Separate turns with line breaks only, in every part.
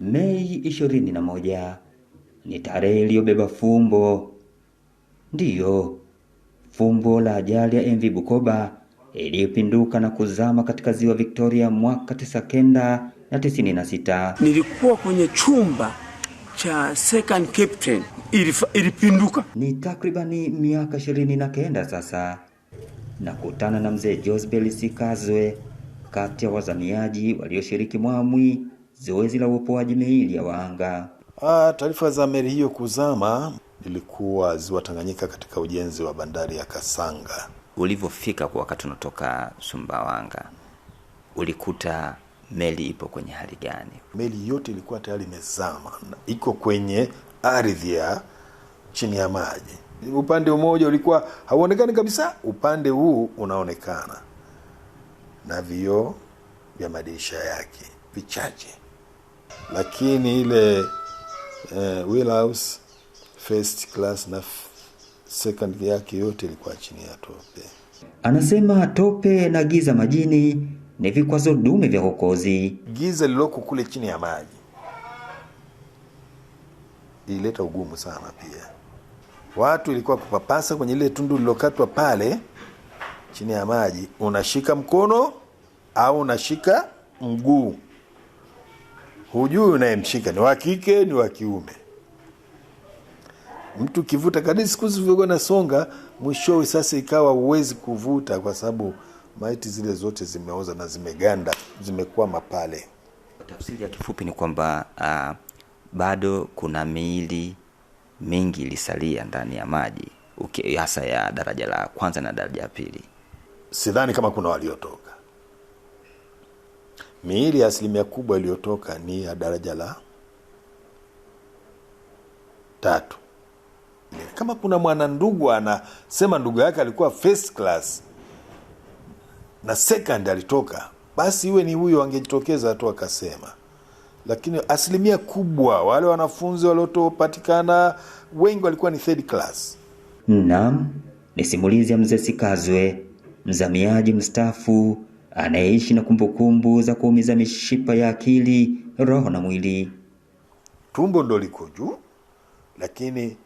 Mei 21 ni tarehe iliyobeba fumbo. Ndiyo, fumbo la ajali ya MV Bukoba iliyopinduka na kuzama katika ziwa Victoria mwaka kenda na 96.
Nilikuwa kwenye chumba cha second captain, ilipinduka.
Ni takribani miaka ishirini na kenda sasa. Nakutana na mzee Josbel Sikazwe, kati ya wazamiaji walioshiriki mwamwi zoezi la uopoaji miili ya wahanga.
Ah, taarifa za meli hiyo kuzama ilikuwa ziwa Tanganyika katika ujenzi wa bandari ya Kasanga.
Ulivyofika kwa wakati unatoka Sumbawanga, ulikuta meli ipo kwenye hali gani?
Meli yote ilikuwa tayari imezama, iko kwenye ardhi ya chini ya maji. Upande mmoja ulikuwa hauonekani kabisa, upande huu unaonekana na vioo vya madirisha yake vichache lakini ile uh, eh, wheelhouse first class na second yake yote ilikuwa chini ya tope.
Anasema tope na giza majini ni vikwazo dume vya kokozi.
Giza liloko kule chini ya maji ilileta ugumu sana pia. Watu ilikuwa kupapasa kwenye ile tundu lilokatwa pale chini ya maji, unashika mkono au unashika mguu hujui unayemshika ni wakike ni wakiume Mtu kivuta kadi siku na songa mwishowe sasa ikawa huwezi kuvuta, kwa sababu maiti zile zote zimeoza na zimeganda, zimekwama pale.
Tafsiri ya kifupi ni kwamba uh, bado kuna miili mingi ilisalia ndani ya maji hasa ya daraja la kwanza na daraja ya pili.
Sidhani kama kuna waliotoka miili ya asilimia kubwa iliyotoka ni ya daraja la tatu. Kama kuna mwana ndugu anasema ndugu yake alikuwa first class na second alitoka, basi iwe ni huyo, angejitokeza tu akasema. Lakini asilimia kubwa wale wanafunzi waliotopatikana wengi walikuwa ni third class.
nam ni simulizi ya mzee Sikazwe, mzamiaji mstafu anayeishi na kumbukumbu za kuumiza mishipa ya akili, roho na mwili.
Tumbo ndo liko juu, lakini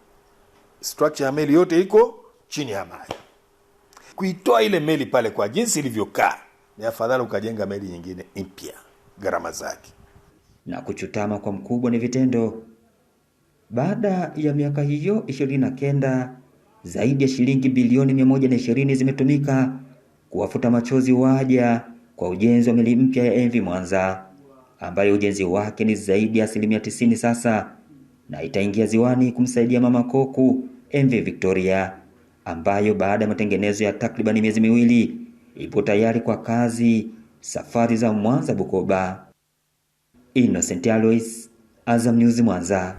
structure ya meli yote iko chini ya maji. Kuitoa ile meli pale kwa jinsi ilivyokaa, ni afadhali ukajenga meli nyingine mpya, gharama zake.
Na kuchutama kwa mkubwa ni vitendo. Baada ya miaka hiyo ishirini na kenda, zaidi ya shilingi bilioni mia moja na ishirini zimetumika kuwafuta machozi waja kwa ujenzi wa meli mpya ya MV Mwanza ambayo ujenzi wake ni zaidi ya asilimia tisini sasa na itaingia ziwani kumsaidia mama koku MV Victoria ambayo baada ya matengenezo ya takribani miezi miwili ipo tayari kwa kazi safari za Mwanza Bukoba. Innocent Alois, Azam News Mwanza.